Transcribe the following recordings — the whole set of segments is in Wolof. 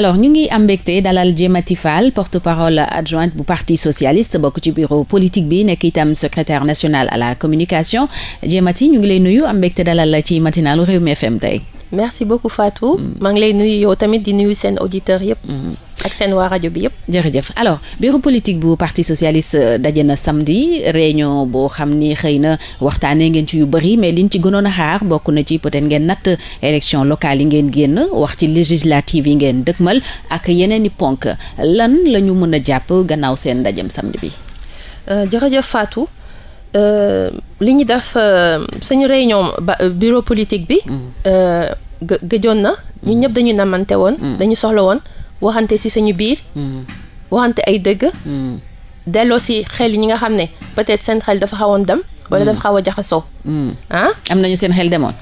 alors ñu ngi am mbégte dalal Diematy Fall porte-parole adjointe bu parti socialist bokk ci bureau politique bi nekk itam secretaire national à la communication Diematy ñu ngi lay nuyu am mbégte dalal la ci matinalu Rewmi FM tey merci beaucoup Fatou. Mm. maa ngi lay nuyu yow tamit di nuyu seen auditeurs yëpp. Mm. ak seen waa rajo bi yëpp. jërëjëf alors bureau politique bu parti socialiste euh, daje na samdi réunion boo xam ni xëy na waxtaanee ngeen ci yu bëri mais liñ ci gënoon a xaar bokk na ci peut-être ngeen natt élection locale yi ngeen génn wax ci législative yi ngeen dëkkmal ak yeneen i ponk lan la ñu mën a jàpp gannaaw seen ndajem samedi bi. Euh, jërëjëf Fatou. Euh, li ñu def euh, suñu réunion ba euh, bureau politique bi. Mm. gëjoon na ñu ñëpp dañu namante woon. Mm. dañu soxla woon waxante ci suñu biir. Mm. waxante ay dëgg. delloo ci xel yi ñi nga xam ne peut-être seen xel dafa xawoon dem. wala dafa xaw a jaxasoo. ah am nañu seen xel demoon.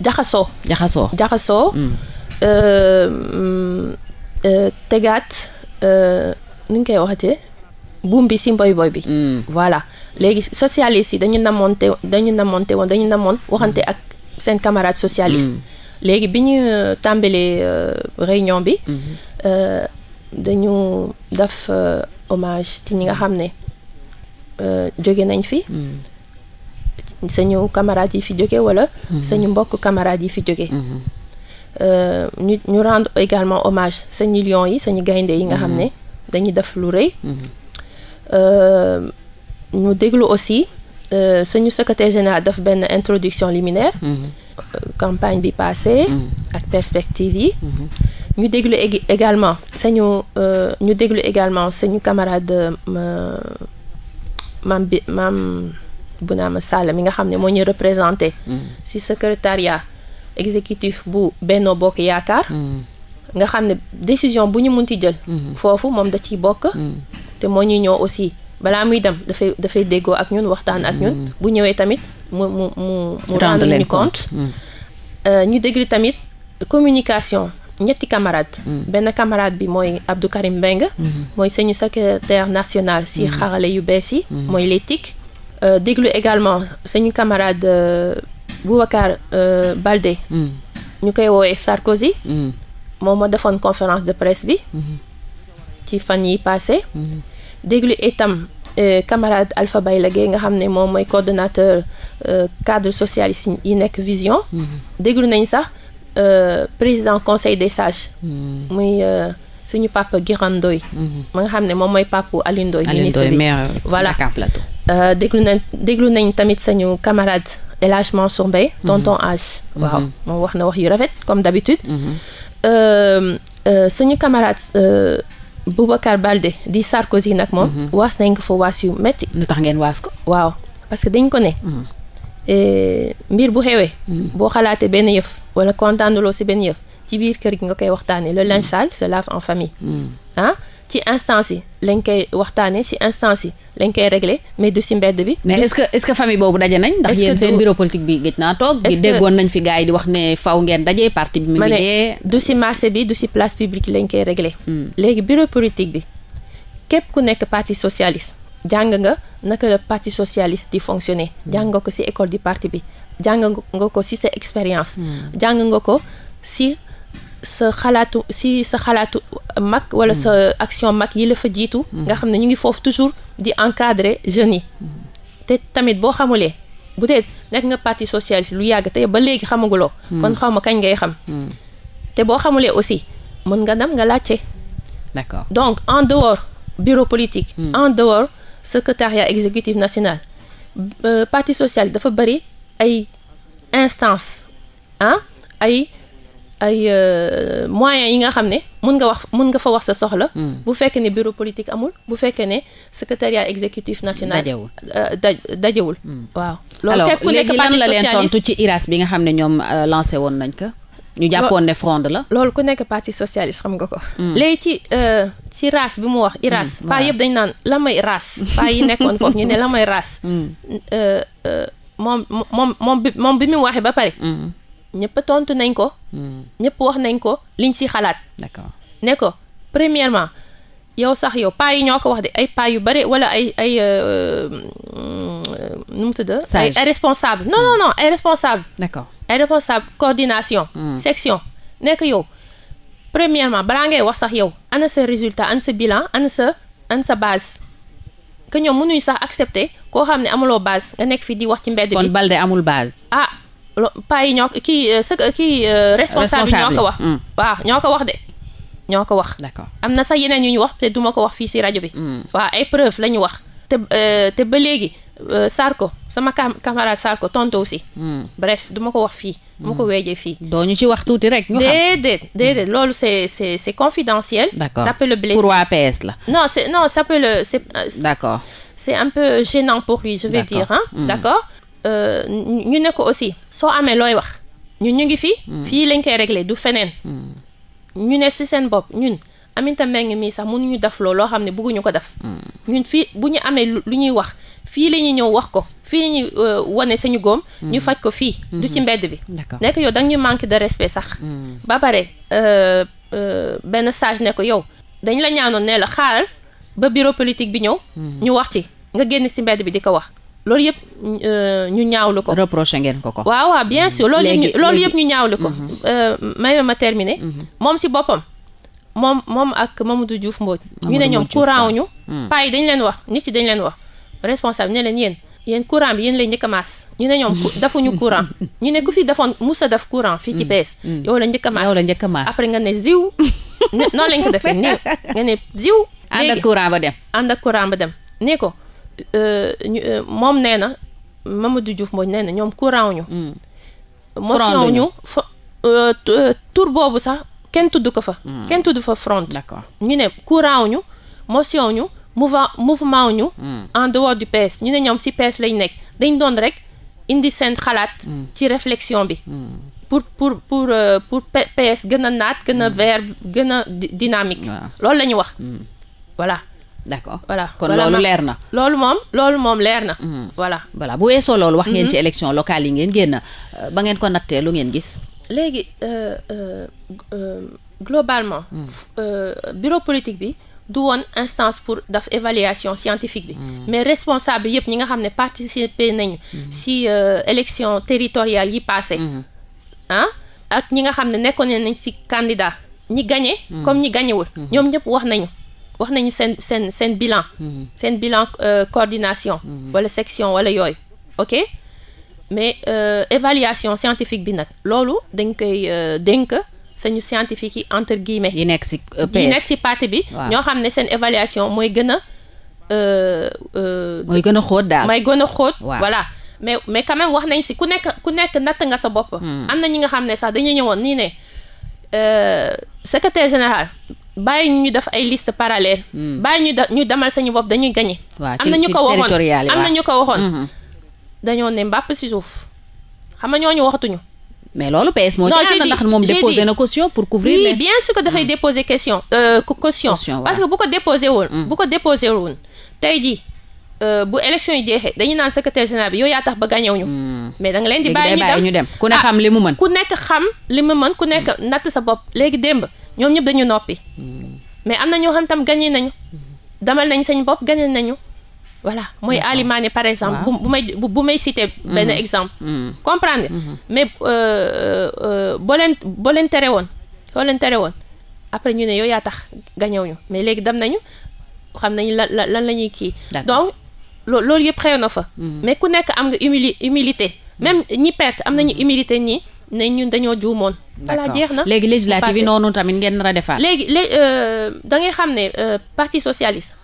jaxasoo. jaxasoo jaxasoo. tegaat nu ñu koy waxatee. buum bi si mboy boy bi. Mm. voilà léegi socialiste yi dañu namonte dañu namonte woon dañu namoon waxante mm. ak seen camarade socialiste. Mm. léegi bi ñu euh, tàmbalee euh, réunion bi. Mm-hmm. Euh, dañu def hommage ci ñi nga xam ne jóge nañ fi. sañu camarades yi fi jóge wala. Mm-hmm. sañu mbokk camarades yi fi jóge. Mm-hmm. ñu ñu rendre également hommage sañu lion yi sañu gaynde yi nga xam ne dañuy def lu rëy. Euh, ñu déglu aussi euh, suñu secrétaire général daf benn introduction liminaire mhm. campagne bi passé mhm. ak perspective yi mhm. ñu déglu également sañu euh, ñu déglu également suñu camarade maam bi maam Bounama Sall mi nga xam ne moo ñu représenté ci secrétariat exécutif bu Benno Bokk Yaakaar nga xam ne décision bu ñu munti jël foofu moom da ciy bokk te moo ñuy ñëw aussi balaa muy dem dafay dafay déggoo ak ñun waxtaan ak ñun. Mm. bu ñëwee tamit mu mu mu mu. rendre leen compte mm. euh, ñu déglu tamit communication ñetti camarade mm. benn camarade bi mooy Abdou Karim Mbengue. mooy suñu secrétaire national si xarale yu bees yi. mooy les TIC. Euh, déglu également suñu camarade euh, Boubacar Baldé. ñu koy woowee Sarkozy. moom moo defoon conférence de presse bi. Mm-hmm. ci fan yi passé mm-hmm. déglu itam euh, camarade Alpha Bayla Gueye nga xam ne moom mooy coordonnateur euh, cadre socialiste yi nekk vision mm-hmm. déglu nañu sax euh, président conseil des sages mm-hmm. muy suñu papa Guiram Ndoye mm-hmm. ma nga xam ne moom mooy papa Alioune Ndoye ministre bi voilà déglu nañ déglu nañ tamit sañu camarade El Hadj Mansour tonton Hadj moom wax na wax yu rafet comme d'habitude suñu camarade Boubacar Balde di Sarkozy nag moom. Mm -hmm. waas nañ ko fa waas yu metti lu tax ngeen waas ko. waaw parce que dañ ko ne. Mhm. E, mbir bu xewee. Mhm. boo xalaatee benn yëf wala kontaanuloo si benn yëf ci biir kër gi nga koy waxtaanee le linge sale se lave en famille. Mhm. ah ci instance yi. lañ koy waxtaanee ci instance yi lañ koy réglé mais du ci mbedd bi. mais est-ce que est-ce que famille boobu daje nañ. ndax yéen seen bureau politique bi gëj naa toog. est déggoon nañ fi gars yi di wax ne faw ngeen daje parti bi. mu ngi dee du ci marché bi du ci place publique lañ koy régler. Hmm. léegi bureau politique bi képp ku nekk parti socialiste. jàng nga naka la parti socialiste di fonctionner. Hmm. jàng nga ko ci école du parti bi. jàng nga ko ci sa expérience. Hmm. jàng nga ko ci. sa xalaatu si sa xalaatu mag wala sa mm. action mag yi la fa jiitu mm. nga xam ne ñu ngi foofu toujours di encadrer jeunes yi mm. te tamit boo xamulee bu dee nekk nga parti socialiste lu yàgg te ba léegi xamaguloo kon xam ma kañ ngay xam te boo xamulee aussi mën nga dem nga laajte d'accord donc en dehors bureau politique mm. en dehors secrétariat exécutif national euh, parti socialiste dafa bëri ay instance ay ay euh, moyens yi nga xam ne mun nga wax mun nga fa wax sa soxla. Hmm. bu fekkee ne bureau politique amul bu fekkee ne secrétariat exécutif national. dajewul euh, dajewul. Hmm. waaw loolu képp ku nekk lan la leen tontu ci bi nga xam ne ñoom euh, lancé woon nañ ko. ñu jàppoon ne fronde la. loolu ku nekk parti socialiste xam nga ko. Hmm. léegi ci ci race bi mu wax. IRAS paa yëpp dañ naan la may race. paa yi nekkoon foofu ñu ne la may race. moom moom bi mu waxee ba pare. ñëpp tontu nañ ko. Hmm. ñëpp wax nañ ko liñ ci xalaat. d'accord ne ko premièrement yow sax yow paa yi ñoo ko wax de ay paa yu bare wala ay ay euh, euh, nu mu tudd. ay responsable non non hmm. non ay responsable. d'accord ay responsable coordination. Hmm. section ne ko yow premièrement balaa ngay wax sax yow ana sa résultat ana sa bilan ana sa ana sa base. que ñoom mënuñu sax accepté koo xam ne amuloo base nga nekk fi di wax ci mbedd bi kon Balde amul base. ah paa yi ñoo ko kii euh, sa kii euh, responsable yi ñoo ko wax mm. waaw ñoo ko wax de ñoo ko wax d'accord am na sax yeneen yu ñu wax te du ma ko wax fii si rajo bi mm. waaw ay preuve la ñu wax te euh, te ba léegi Sarko sama camarade Sarko tontu aussi mm. bref du ma ko wax fii du ma ko weejee fii doo ñu ci wax tuuti rek ñu xam déedéet loolu c'est c'est c'est confidentiel d'accord ça peut le pour waa PS la non c'est non ça peut le c'est d'accord c'est un peu gênant pour lui je vais dire hein d'accord Euh, ñu ne ko aussi soo amee looy wax ñun ñu ngi fi. Hmm. fii lañ koy réglé du feneen. Hmm. ñu ne si seen bopp ñun Aminata Mbengue mii sax mënuñu def loo loo xam ne bëgguñu ko def. Hmm. ñun fii bu ñu amee lu ñuy wax fii la ñuy ñëw wax ko fii la ñuy euh, wane sañu góom. ñu faj ko fii. du ci mbedd bi. nekk yow danga ñu manque de respect sax. ba pare euh, benn sage ne ko yow dañ la ñaanoon nee la xaaral ba bureau politique bi ñëw. ñu wax ci nga génn si mbedd bi di ko wax. loolu yëpp euh, ñu ñaawlu ko. reproché ngeen ko ko. waaw waaw bien sûr loolu loolu yëpp ñu ñaawlu ko. Mhm. Euh, may ma terminer. Mhm. moom si boppam. moom moom ak Mamadou Diouf Mbodj. ñu ne ñoom courant wu ñu. Mhm. paa dañ leen wax nit yi dañ leen wax. responsable ne leen yéen. yéen courant bi yéen lay njëkk a maas ñu ne ñoom dafuñu courant ñu ne ku fii dafoon musa def courant fii ci PS yow la njëkk a maas yow la njëkk a après nga ne ziw noonu lañ ko defee ne nga ne ziw ànd ak courant ba dem ànd ak courant ba dem ne ko Euh, euh, moom nee na Mamadou Diouf Mbodj nee na ñoom ku raw ñu mm. motion ñu fa euh, tur boobu sax kenn tudd ko fa mm. kenn tudd fa front d'accord ñu ne ku raw ñu motion ñu mouvement mouvement ñu mm. en dehors du PS ñu ne ñoom si PS lañ nekk dañ doon rek indi seen xalaat ci réflexion bi pour pour pour pour PS gën a naat gën a vert gën a dynamique loolu la ñu wax voilà d'accord voilà kon loolu leer na. loolu moom loolu moom leer na. Mm-hmm. voilà voilà bu weesoo loolu. wax ngeen mm-hmm. ci élection locale yi ngeen génn ba ngeen ko nattee lu ngeen gis. léegi euh, euh, euh, globalement. Mm. bureau politique bi. du woon instance pour daf évaluation scientifique bi mm. mais responsable yëpp ñi nga xam ne participer nañu mm. si euh, élection territoriale yi passé ah ak ñi nga xam ne nekkoon nañ si candidat ñi gagné mm. comme ñi gagnewul ñoom ñëpp wax nañu wax nañu seen seen seen bilan mm-hmm. seen bilan euh, coordination mm-hmm. wala section wala yooyu ok mais euh, évaluation scientifique bi nag loolu dañ koy euh, dénk sañu scientifique yi entre guillemets yi nekk si yi nekk ci parti bi ñoo xam ne seen évaluation mooy gën a mooy gën a xóot daal mooy gën a xóot mais mais quand même wax nañ si ku nekk ku nekk natt nga sa bopp mm. am na ñi nga xam ne sax dañu ñëwoon nii ne secrétaire général bàyyi ñu def ay liste parallèle hmm. bàyyi ñu da ñu demal sañu bopp dañuy gagné. am na ñu ko waxoon am na ñu ko waxoon. dañoo ne mbàpp si suuf xam nga ñooñu waxatuñu. mais loolu PS moo ci ànd ndax moom déposé na caution pour couvrir oui, les. bien sûr que hmm. dafay déposer question. Euh, caution parce que bu ko déposé woon. Hmm. bu ko déposé woon tey jii euh, bu élection yi jeexee dañu naan secrétaire général bi yow yaa tax ba gañewuñu mais da nga leen di bàyyi ñu dem ku ne xam ah, li mu mën. ku nekk xam li mu mën ku nekk natt sa bopp léegi démb. ñoom ñëpp dañu noppi mais am na ñoo xam tam gagné nañu damal nañ sañ bopp gagné nañu voilà mooy Ali Mané par exemple bu may bu may citer benn mm-hmm. exemple mm-hmm. comprendre mm-hmm. mais euh, euh, boo leen boo leen woon soo leen tere woon après ñu ne yow yaa tax gañew ñu mais léegi dem nañu xam nañu lan lan lan la ñuy kii donc loolu yëpp xew na fa mais ku nekk am nga humili humilité même ñi perte am nañu humilité ñi ne ñun dañoo juumoon. voilà jeex na léegi législative yi noonu tamit ngeen nar a defaat. léegi lé euh, da ngay xam ne euh, parti socialiste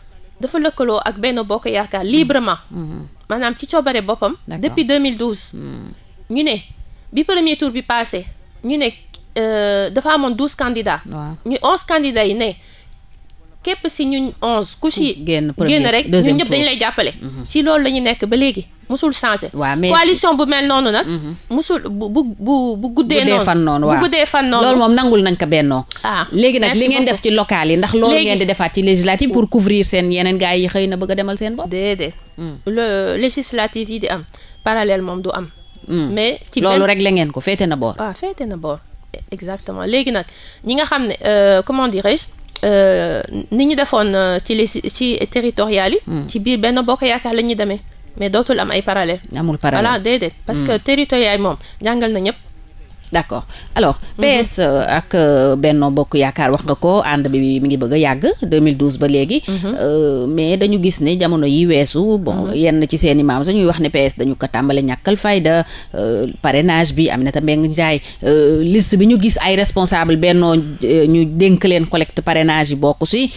dafa lëkkaloo ak benn bokk yaakaar librement. Mm. Mm-hmm. maanaam ci coobare boppam. depuis 2012. Mm. ñu ne bi premier tour bi passé ñu ne euh, dafa amoon douze candidats. ñu onze candidats yi ne. yépp si ñun onze ku si génn rek ñun ñëpp dañu lay jàppale ci mhm. loolu la ñu nekk ba léegi musul changé waa mais coalition bu mel noonu nag mhm. musul bu bu bu bu guddee noonu fan noonu waaw bu guddee fan noonu loolu moom nangul nañ ko bennoo ah léegi nag li ngeen def ci local yi ndax loolu ngeen di defaat ci législative pour couvrir seen yeneen gars yi xëy na bëgg a demal seen bopp déedéet hmm. le législative yi di am parallèle moom du am hmm. mais ci loolu rek la ngeen ko féete na boor waaw ah, féete boor exactement léegi nag ñi nga xam ne euh, comment dirais-je Euh, ni ñu defoon euh, ci les ci territorial yi. Hmm. ci biir benn bokk yaakaar la ñuy demee mais dootul am ay parallèle. amul parallèle voilà déedéet. parce hmm. que territorial moom jàngal na ñëpp. d'accord alors mhm. PS euh, ak euh, Benno Bokk Yaakaar wax nga ko ànd bi mi ngi bëgg a yàgg 2012 ba léegi mhm. euh, mais dañu gis ne jamono yi weesu bon mhm. yenn ci seen i maam sax ñuy wax ne PS dañu ko tàmbale ñàkkal fayda parrainage bi am Aminata Mbengue Ndiaye liste bi ñu gis ay responsable bennoo ñu dénk leen collect parrainage yi bokk si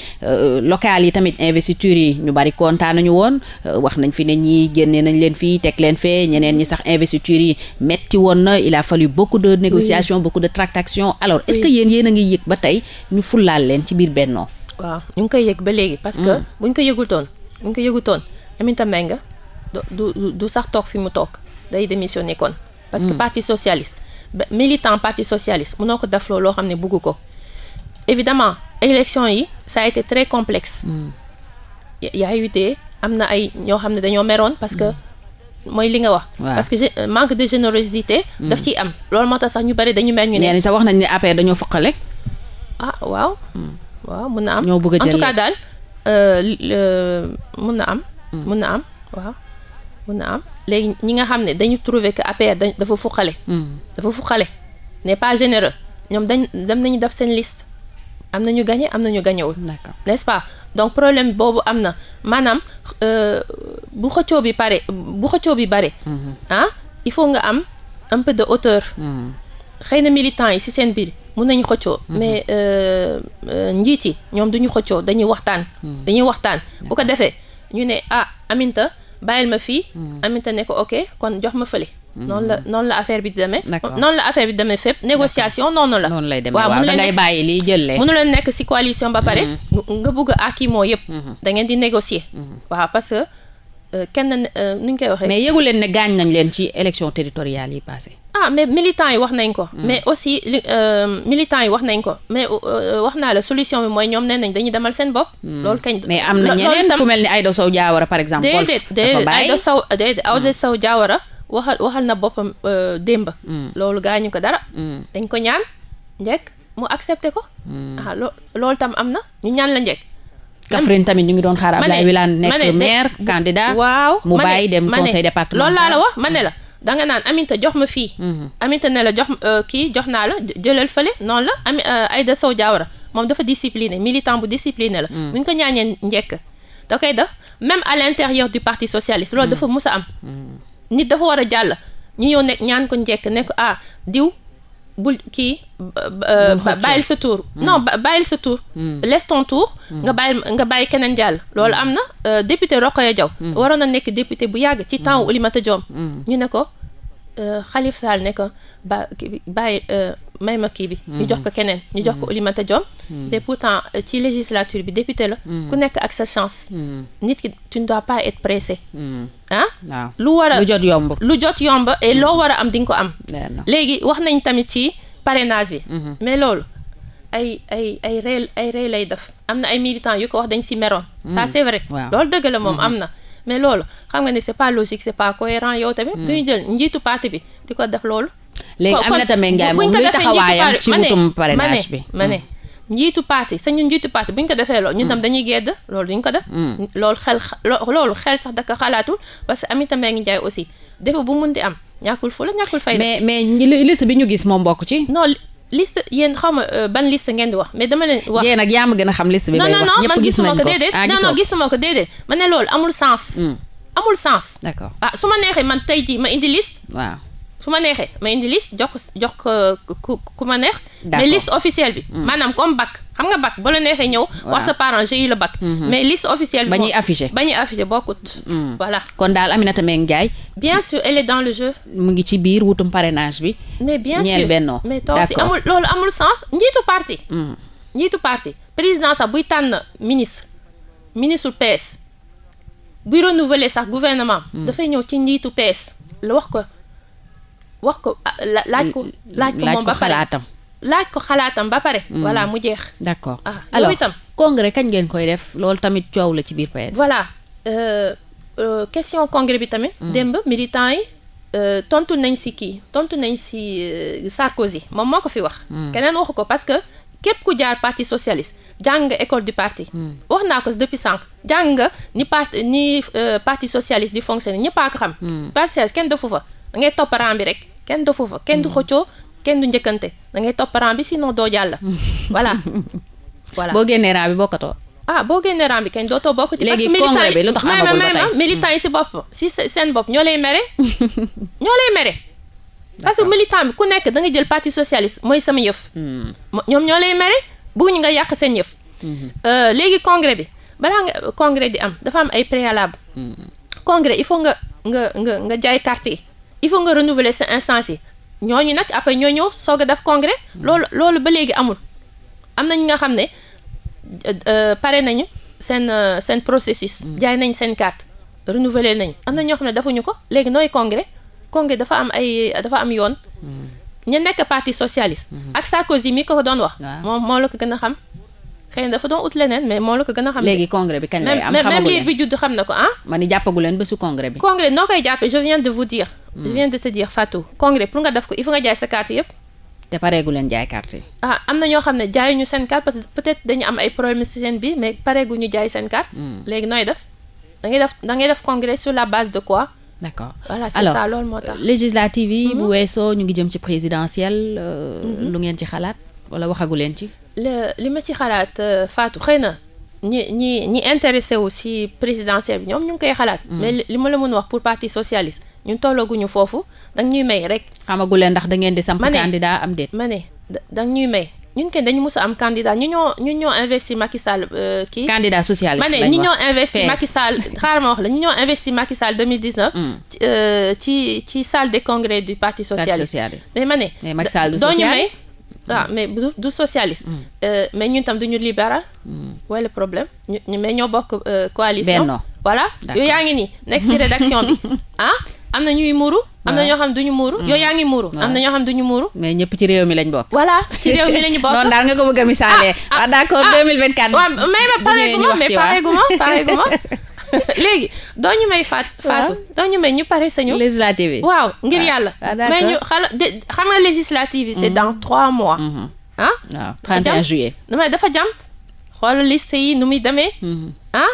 local yi tamit investiture yi ñu bari kontaan nañu woon wax nañ fi ne ñi génnee nañ leen fii teg leen fee ñeneen ñi sax investiture yi metti woon de négociation beaucoup de tractations alors est-ce que yéen yéen a ngi yëg ba tey ñu fullaal leen ci biir bennoo waaw ñu ngi koy yëg ba léegi parce que bu mm. buñ ko yëgutoon buñ ko yëgutoon Aminata Mbengue du du sax toog fi mu toog day démissionné kon parce que mm. parti socialiste militant parti socialiste noo ko def loo xam ne bugg ko évidemment élection yi sa a été très complexe mm. y a eu am na ay ñoo xam ne dañoo meroon parce que mooy li nga wax. parce que euh, manque de générosité. Mm. daf ci am loolu moo tax sax ñu bari dañu mel ñu ne. sax wax nañ ne APR dañoo foqale. ah waaw. Mm. waaw mun na am ñoo bëgg a jël en tout cas daal euh, euh, mun na am. Mm. mun na am waaw na am léegi ñi nga xam ne dañu trouver que APR dañ dafa foqale. dafa foqale n'est pas généreux ñoom dañ dem nañu def seen liste. am na ñu gagné am na ñu gagné wul. n'est-ce pas donc problème boobu am na maanaam bu xëccoo bi pare bu xëccoo bi bare mhm. ah il faut nga am un peu de hauteur mhm. xëy na militants yi si seen biir mun nañu xëccoo mhm. mais euh, euh, njiit yi ñoom duñu xëccoo dañuy waxtaan dañuy waxtaan bu ko defee ñu ne ah Aminta bàyyil ma fii Aminta ne ko ok kon jox ma fële noonu la noonu la affaire bi di demee noonu la affaire bi di demee fépp négociation noonu la noonu lay demee waaw da ngay bàyyi lii jël lee mënu leen nekk ci coalition ba pare nga bugg a àkki moo yëpp da ngeen di négocier waaw parce Euh, kenn euh, nuñ koy waxee. mais yëgu leen ne gaañ nañ leen ci élection territoriale yi passé ah mais militants yi wax nañ ko. Hmm. mais aussi li euh, militants yi wax nañ ko mais wax naa la solution bi mooy ñoom nee nañ dañuy demal seen bopp. Hmm. loolu kañ mais am na ñeneen ku mel ni Aïda Sow Diawara par exemple. déedéet déedéet day Sow déedéet Aïda hmm. Sow Diawara waxal waxal na boppam démb. loolu gaañu ko dara. dañ ko ñaan njëkk mu accepté ko. ah loolu tam am na ñu ñaan la njëkk. Kaffrine tamit ñu ngi doon xaar Abdoulaye Wilane nekk maire candidat waaw mu bàyyi dem conseil départemental loolu laa la wax ma ne la danga naan Aminta jox ma fii mhm. Aminta ne la jox euh, kii jox naa la jëlal fële noonu la ami euh, Aïda Sow Diawara moom dafa discipliné militant bu discipliné la mhm. bu ñu ko ñaanee njekk da koy def même à l'intérieur du parti socialiste loolu mhm. dafa mus a am nit dafa war a jàll ñu ñëw nekk ñaan ko njekk nekk ko ah diw bul kii bàyyil sa tour hmm. non bàyyil sa tour hmm. laisse ton tour hmm. nga bàyyi nga bàyyi keneen jàll loolu am na euh, député Rokhaya Diaw waroon na nekk député bu yàgg ci temps Oulimata Diom ñu ne ko Xalif euh, Sall ne ko ba bàyyi euh, may ma kii bi hmm. ñu jox ko keneen ñu jox ko hmm. Oulimata Diom te temps hmm. euh, ci législature bi député la ku nekk ak sa chance nit ki tu ne dois pas être pressé ah lu war jot yomb lu jot yomb et loo war a am di nga ko am léegi wax nañ tamit ci parrainage bi mais loolu ay ay ay rey ay rey lay def am na ay militants yu ko wax dañ si meroon ça c'est vrai loolu dëgg la moom am na mais loolu xam nga ne c'est pas logique c'est pas cohérent yow tamit. Hmm. duñu jël njiitu parti bi di ko def loolu. léegi Aminata Mbengue Ndiaye moom luy taxawaayam ci wutum parrainage bi ma ne hmm. njiitu parti sañu njiitu parti bu ñu ko defee loolu. ñun tam hmm. dañuy gedd loolu duñ ko def. loolu xel loolu xel sax da ko xalaatul parce que Aminata Mbengue Ndiaye aussi defe bu mun di am ñàkkul fu la ñàkkul fay. mais mais liste bi ñu gis moom bokk ci. non liste yéen xaw ma euh, ban liste ngeen di wax mais dama leen. wax yéen nag yaa ma gën a xam liste bi. bay wax ñëpp gis nañ ko ah non non gisuma ko déedéet ma ne loolu amul sens. Hmm. amul sens. d'accord a ah, su ma neexee man tey jii ma indi liste. waaw. su ma neexee ma indi liste jox jox ko ku ma neex. mais liste officielle bi. Mm. maanaam comme bac xam nga bac ba la neexee ñëw. wax sa parent j'ai eu le bac. Mm-hmm. mais liste officielle bi. ba ñuy affiché ba ñuy affiché bokkut. Mm. voilà kon daal Aminata Mbengue Ndiaye. bien sûr elle est dans le jeu. mu ngi ci biir wutum parrainage bi. mais bien sûr ñeel bennoo mais toog si amul loolu amul sens njiitu parti. Mm. njiitu parti président sax buy tànn ministre ministre PS buy renouveler sax gouvernement. dafay ñëw ci njiitu PS la wax ko. wax ko ah, laaj ko laaj ko moom ba pare laaj ko xalaatam ba pare mm. voilà mu jeex d'accord ah alors itam congrès kañ ngeen koy def loolu tamit coow la ci biir PS voilà euh, euh question congrès bi tamit mm. démb militant yi Euh, tontu nañ si kii tontu nañ si euh, Sarkozy moom moo ko fi wax. Mm. keneen waxu ko parce que képp ku jaar parti socialiste jàng nga école du parti. Mm. wax naa ko depuis sànq jàng nga ni parti ni euh, parti socialiste di fonctionner ñëpp a ko xam. Mm. parti socialiste kenn defu fa da ngay topp bi rek kenn dofu fa kenn du mm. xëccoo kenn du njëkkante da ngay bi sinon doo jàll. voilà voilà boo génnee rang bi bokkatoo. ah boo génnee rang bi kenn dootoo bokk. ci léegi congrès bi lu tax amagul ba tey militant yi seen bopp ñoo lay mere ñoo lay parce que militant bi ku nekk da jël parti socialiste mooy sama yëf. Mm. ñoom ñoo lay mere bëgguñu nga yàq seen yëf. Mm-hmm. Euh, léegi congrès bi balaa nga congrès di am dafa am ay préalable. Mm. congrès il faut nga nga nga nga jaay carte yi. il faut nga renouveler sa instance yi ñu nag après ñoo ñëw soog a def congrès hmm. loolu loolu ba léegi amul am na ñi nga xam ne euh, euh, pare nañu seen euh, seen processus hmm. jaay nañ seen carte renouveler nañu am na ñoo xam ne defuñu ko léegi nooy congrès congrès dafa am ay dafa am yoon hmm. ñu nekk parti socialiste ak Sarkozy mi ko doon wax moom moo la ko gën a xam xëy na dafa doon ut leneen mais moo la ko gën a xam léegi congrès bi kañ lay am xamagu leen même liir bi na ko ah ma ni jàppagu leen bésu congrès bi congrès je viens te dire Fatou congrès pour nga def ko il faut nga jaay sa carte yëpp. te pareegu leen jaay carte yi. ah am na ñoo xam ne jaayuñu seen carte peut-être dañu am ay problème ci seen bi mais pareegu ñu jaay seen carte. Mm. léegi nooy def da ngay def da ngay def congrès sur la base de quoi. d' accord voilà c'est ça loolu moo tax euh, législative yi. bu mm-hmm. weesoo ñu ngi jëm ci présidentielle. Euh, mm-hmm. lu ngeen ci xalaat wala waxagu leen ci. li ma ci xalaat euh, Fatou xëy na ñi ñi ñi intéressé wu si présidentielle bi ñoom ñu ngi koy xalaat. Mm. mais li ma la mën wax pour parti socialiste. ñun tollaguñu foofu dang ñuy may rek. xamaguleen ndax da ngeen di samp candidat am déet ma ne dang ñuy may ñun kenn dañu mës a am candidat ñu ñoo ñu ñoo investi Macky Sall euh, kii. candidat socialiste lañ wax ma ñu ñoo investi Macky Sall xaaral ma wax la ñu ñoo investi Macky Sall mm. euh, ci ci de des congrès du parti socialiste. mais ma ne. mais Macky Sall du socialiste ah, mais du du socialiste. Mm. Euh, mais ñun tam duñu libéral. wala mm. problème ñu mais ñoo bokk coalition. benno voilà yaa ngi nii nekk ci rédaction bi ah? am na ñuy muuru. am na ñoo xam ne du ñu muuru. Mm. yow yaa ngi muuru. am na ñoo xam ne du ñu muuru. mais ñëpp ci réew mi lañ bokk. voilà ci réew mi lañu bokk. noonu daal nga ko bëgg misaalee. ah d' accord 2024. waaw may ma pareegu ma mais pareegu ah. léegi doo ñu may faat. faatu doo may ñu pare sañu. législative yi waaw ngir ah. yàlla. Ah, may ñu xala xam nga législative yi. c' est mm-hmm. dans trois mois. Mm-hmm. ah. waaw 31 juillet. damay dafa jàmm xoolal liste yi nu muy demee. Mm-hmm. ah.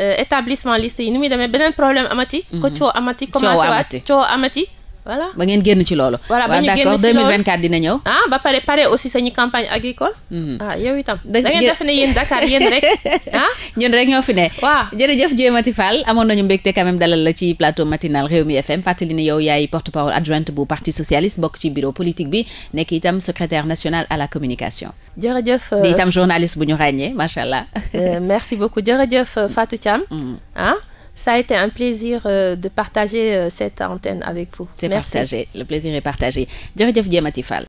Euh, établissement lycée yi ni muy demee beneen problème amati. Mhm. ko coow amati. coow amati commencé waat coow amati. voilà ba ngeen génn ci loolu. voilà ba ñu génn ci loolu waaw d'accord 2024 dina ñëw. ah ba pare pare aussi sañu campagne agricole. Mhm. Ah, yow itam. da ngeen def Dakar yéen rek ah. rek ñoo fi ne. waaw jërëjëf Diematy Fall amoon nañu mbégte quand même dalal la ci plateau matinal Rewmi FM fàttali ni yow yaay porte-parole adjointe bu parti socialiste bokk ci bureau politique bi nekk itam secrétaire national à la communication. jërëjëf di itam euh, journaliste bu ñu ràññee macha allah. Euh, merci beaucoup jërëjëf euh, Fatou Thiam. Mm. ah. Ça a été un plaisir euh, de partager euh, cette antenne avec vous. C'est partagé, le plaisir est partagé jërëjëf Jéemati Fall